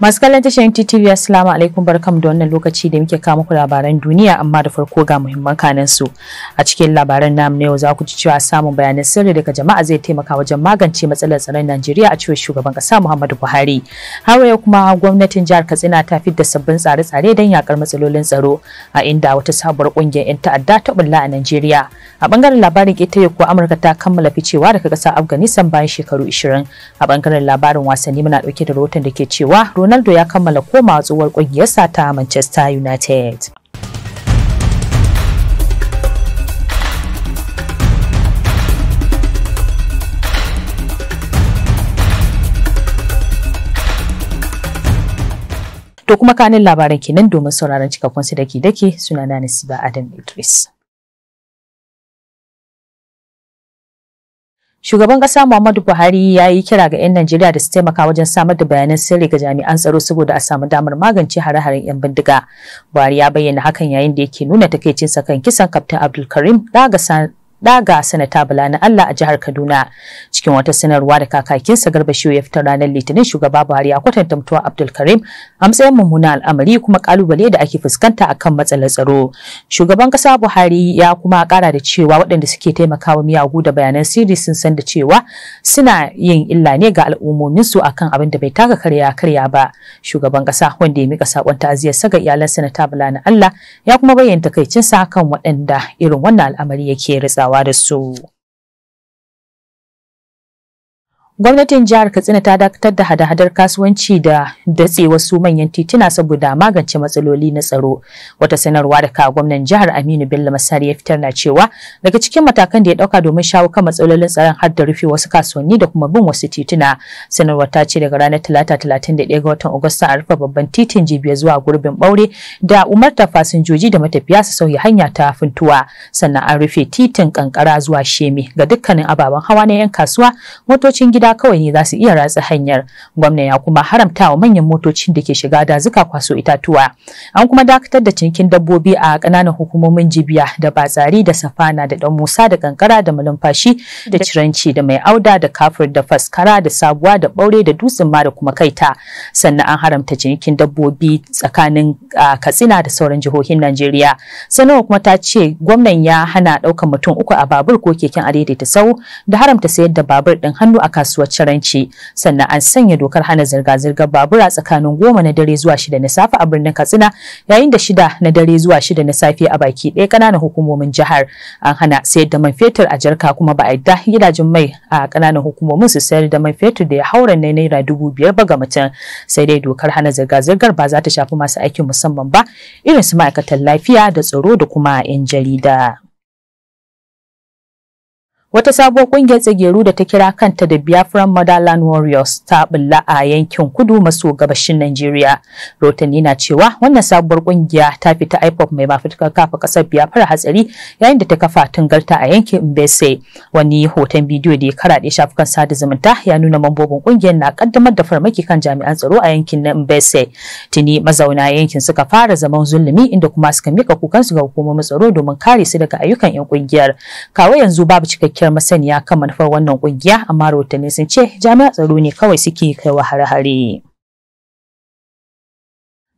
Masu kallon tashar NTTV Assalamu alaikum barkam da wannan lokaci da muke kawo muku labaran duniya amma da farko ga muhimman kanan su. A cikin labaran namu na yau za ku ci cewa samun bayanan sirri daga jama'a zai taimaka wajen magance matsalar tsaron Najeriya a cewar shugaban kasa Muhammadu Buhari. Har yau kuma gwamnatin jihar Katsina ta fidda sabbin tsare-tsare don yakar matsalolin tsaro a inda wata sabuwar kungiyar 'yan ta'adda ta bulla a Najeriya. A bangaren labarin ƙetare kuwa Amurka ta kammala ficewa daga ƙasar Afghanistan bayan shekaru 20. A bangaren labarin wasanni muna ɗauke da rahoton da ke cewa Ronaldo ya kammala komawa tsohuwar ƙungiyarsa ta Manchester United. To kuma kanin labaran kenan domin sauraron cikakkun su daki-daki suna na Nasiba Adam Idris. Shugaban ƙasa Muhammadu Buhari ya yi kira ga 'yan Najeriya da su taimaka wajen samar da bayanan sirri ga jami'an tsaro saboda a samu damar magance hare-haren 'yan bindiga. Buhari ya bayyana hakan yayin da yake nuna takaicinsa kan kisan Kaftin Abdulkarim Daga daga sanata Bala na Allah a jihar Kaduna. Cikin wata sanarwa da sa Garba Shehu ya fitar ranar Litinin shugaba Buhari a kwatanta tamtuwa Abdul Karim a matsayin mummunan al'amari kuma kalubale da ake fuskanta akan matsalar tsaro. Shugaban kasa Buhari ya kuma ƙara da cewa waɗanda suke taimakawa miyagu da bayanan sirri sun san da cewa suna yin illa ne ga su akan abin da bai taka karya karya ba. Shugaban kasa wanda ya mika sakon ta'aziyar saga iyalan sanata Bala na Allah ya kuma bayyana sa kan waɗanda irin wannan al'amari yake ritsawa. our water so Gwamnatin jihar Katsina ta dakatar da hada-hadar kasuwanci da datse wasu manyan tituna saboda magance matsaloli na tsaro. Wata sanarwa da ka gwamnan jihar Aminu Bello Masari ya fitar na cewa daga cikin matakan da ya dauka domin shawo kan matsalolin tsaron har da rufe wasu kasuwanni da kuma bin wasu tituna. sanarwa ta ce daga ranar Talata talatin 31 ga watan Agusta a rufe babban titin Jibiya zuwa gurbin Baure da umarta fasinjoji da matafiya su sauya hanya ta funtuwa. Sannan an rufe titin kankara zuwa sheme ga dukkanin ababen hawa na 'yan kasuwa, motocin gida mata kawai ne za su iya ratsa hanyar gwamna ya kuma haramta wa manyan motocin da ke shiga dazuka kwaso itatuwa an kuma dakatar da cinikin dabbobi a ƙananan hukumomin jibiya da batsari da safana da dan musa da kankara da malumfashi da ciranci da mai auda da kafir da faskara da sabuwa da baure da dutsen ma da kuma kaita sannan an haramta cinikin dabbobi tsakanin katsina da sauran jihohin najeriya sanarwa kuma ta ce gwamnan ya hana ɗaukar mutum uku a babur ko keken adaidaita sau da haramta sayar da babur ɗin hannu a kasuwa kasuwar sannan an sanya dokar hana zirga-zirgar babura tsakanin goma na dare zuwa shida na safe a birnin Katsina yayin da shida na dare zuwa shida na safe a baki ɗaya ƙananan hukumomin jihar an hana sayar da man fetur a jarka kuma ba a yadda gidajen mai a ƙananan hukumomin su sayar da man fetur da ya haura na naira dubu biyar ba ga mutum sai dai dokar hana zirga-zirgar ba za ta shafi masu aikin musamman ba irin su ma'aikatan lafiya da tsaro da kuma 'yan jarida. Wata sabuwar ƙungiyar tsigeru da ta kira kanta da Biafran Motherland Warriors ta bulla a yankin kudu maso gabashin Najeriya. Rotani na cewa wannan sabuwar ƙungiya ta fita IPOP mai mafitar kafa kasar Biafra hatsari yayin da ta kafa tungarta a yankin Mbese. Wani hoton bidiyo da ya karaɗe shafukan sada zumunta ya nuna mambobin ƙungiyar na kaddamar da farmaki kan jami'an tsaro a yankin na Mbese. Tuni mazauna yankin suka fara zaman zulumi inda kuma suka mika kukansu ga hukumomin tsaro domin kare su daga ayyukan 'yan ƙungiyar. Kawo yanzu babu cikakken cikakkiyar masaniya kan manufar wannan kungiya amma rahotanni sun ce jami'an tsaro ne kawai suke kaiwa hare-hare.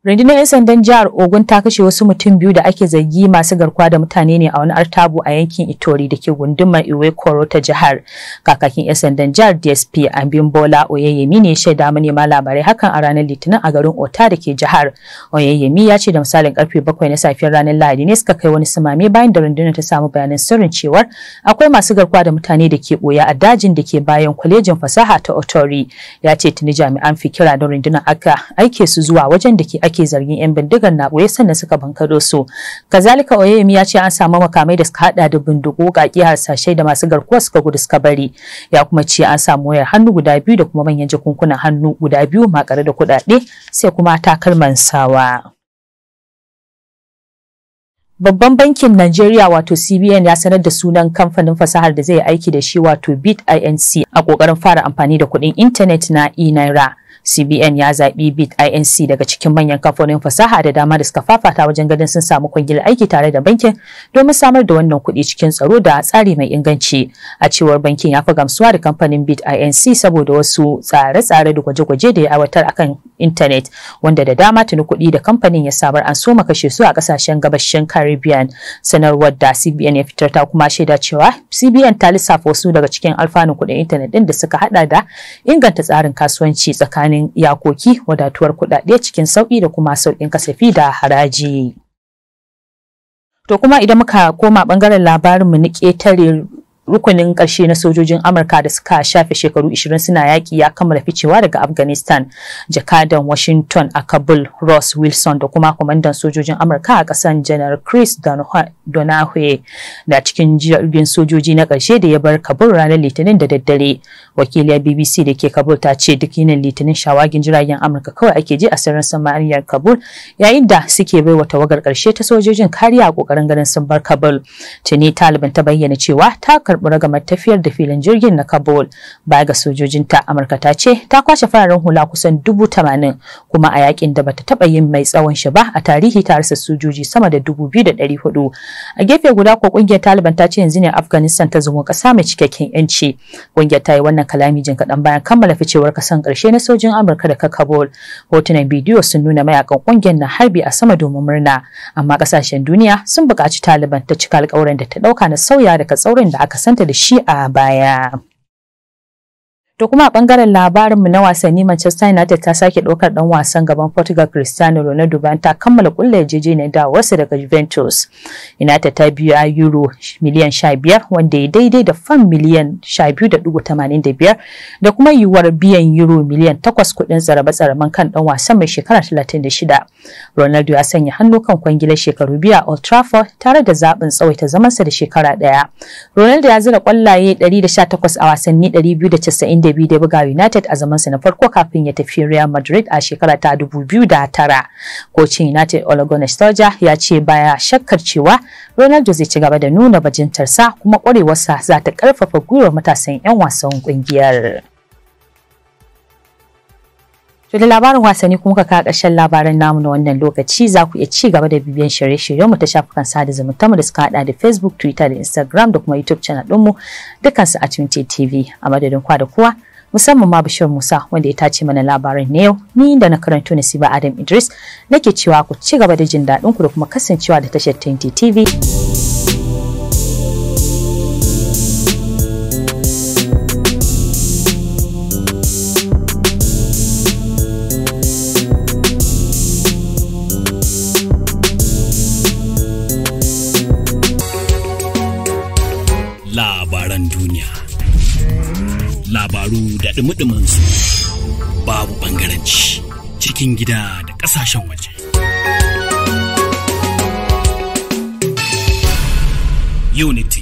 Rundunar 'yan sandan jihar Ogun ta kashe wasu mutum biyu da ake zargi masu garkuwa da mutane ne a wani artabu a yankin Itori da ke gundumar Iwe Koro ta jihar. Kakakin 'yan sandan jihar DSP Ambin Bola Oyeyemi ne shaida manema labarai hakan a ranar Litinin a garin Ota da ke jihar. Oyeyemi ya ce da misalin karfe 7 na safiyar ranar Lahadi ne suka kai wani sumame bayan da rundunar ta samu bayanan sirrin cewar akwai masu garkuwa da mutane da ke boya a dajin da ke bayan kwalejin fasaha ta Otori. Ya ce tuni jami'an fikira da rundunar aka aike su zuwa wajen da ke ake zargin 'yan bindigar na ɓoye sannan suka bankaro su. Kazalika Oyemi ya ce an samu makamai da suka hada da bindigo ƙaƙi harsashai da masu garkuwa suka gudu suka bari. Ya kuma ce an samu wayar hannu guda biyu da kuma manyan jakunkunan hannu guda biyu makare da kuɗaɗe sai kuma takalman sawa. Babban bankin Najeriya wato CBN ya sanar da sunan kamfanin fasahar da zai aiki da shi wato inc a kokarin fara amfani da kuɗin intanet na e-naira. CBN ya zaɓi BIT INC daga cikin manyan kamfanin fasaha da dama da suka fafata wajen ganin sun samu kwangilar aiki tare da bankin domin samar da wannan kuɗi cikin tsaro da tsari mai inganci. A cewar bankin ya fi gamsuwa da kamfanin BIT INC saboda wasu tsare-tsare da gwaje-gwaje da ya aiwatar akan intanet wanda da dama tuni kuɗi da kamfanin ya samar an soma kashe su a ƙasashen gabashin Caribbean. Sanarwar da CBN ya fitar ta kuma shaida cewa CBN ta lissafa wasu daga cikin alfanun kuɗin intanet ɗin da suka haɗa da inganta tsarin kasuwanci tsakanin tsakanin yakoki wadatuwar kuɗaɗe cikin sauƙi da kuma sauƙin kasafi da haraji. To kuma idan muka koma ɓangaren labarinmu na ƙetare rukunin ƙarshe na sojojin Amurka da suka shafe shekaru 20 suna yaƙi ya kammala ficewa daga Afghanistan. Jakadan Washington a Kabul Ross Wilson da kuma kwamandan sojojin Amurka a ƙasan Janar Chris Donahue da cikin jirgin sojoji na ƙarshe da ya bar Kabul ranar Litinin da daddare. Wakiliyar BBC da ke Kabul ta ce duk yinin Litinin shawagin jiragen Amurka kawai ake ji a sararin samaniyar Kabul yayin da suke baiwa tawagar ƙarshe ta sojojin kariya a ƙoƙarin ganin sun bar Kabul. Tuni Taliban ta bayyana cewa ta karɓi ragamar tafiyar da filin jirgin na Kabul. Baya ga sojojinta, Amurka ta ce ta kwashe fararen hula kusan dubu tamanin kuma a yakin da bata taba yin mai tsawon shi ba a tarihi ta rasa sojoji sama da dubu biyu da ɗari hudu. A gefe guda ko ƙungiyar Taliban ta ce yanzu ne Afghanistan ta zama kasa mai cikakken ‘yanci. Ƙungiyar ta yi wannan kalami jin kaɗan bayan kammala ficewar kasan karshe na sojin Amurka da Kabul. Hotunan bidiyo sun nuna mayakan ƙungiyar na harbi a sama domin murna, amma ƙasashen duniya sun buƙaci Taliban ta cika alƙawarin da ta ɗauka na sauya daga tsaurin da aka santa da shi a baya. To kuma a bangaren labarinmu na wasanni Manchester United ta sake ɗaukar ɗan wasan gaban Portugal Cristiano Ronaldo bayan ta kammala ƙulla yarjejeniyar wasu daga Juventus. United ta biya euro miliyan 15 wanda ya daidai da fam miliyan 12.85 da kuma yiwuwar biyan euro miliyan 8 kuɗin zarabe-zaraben kan ɗan wasan mai shekara 36. Ronaldo ya sanya hannu kan kwangilar shekaru biyu a Old Trafford tare da zaɓin tsawaita zamansa da shekara ɗaya. Ronaldo ya zira ƙwallaye 118 a wasanni 292 bi biyu da buga United a zamansa na farko kafin ya tafi Real Madrid a shekara ta 2009. Kocin United Ole Gunnar Solskjaer ya ce baya shakkar cewa Ronaldo zai ci gaba da nuna bajintarsa kuma kwarewarsa za ta karfafa gwiwar matasan 'yan wasan ƙungiyar. To da labarin wasanni kuma ka kawo ƙarshen labaran namu na wannan lokaci za ku iya ci gaba da bibiyan shirye-shiryen mu ta shafukan sada zumunta mu da suka hada da Facebook, Twitter da Instagram da kuma YouTube channel ɗinmu dukansu a Tunte TV a madadin kwa da kowa. musamman ma Bashir Musa wanda ya tace mana labarin na yau ni da na karanto Nasiba Adam Idris nake cewa ku ci gaba da jin daɗin ku da kuma kasancewa da tashar 20 TV. labaru da ɗumɗumansu babu ɓangaranci cikin gida da ƙasashen waje. Unity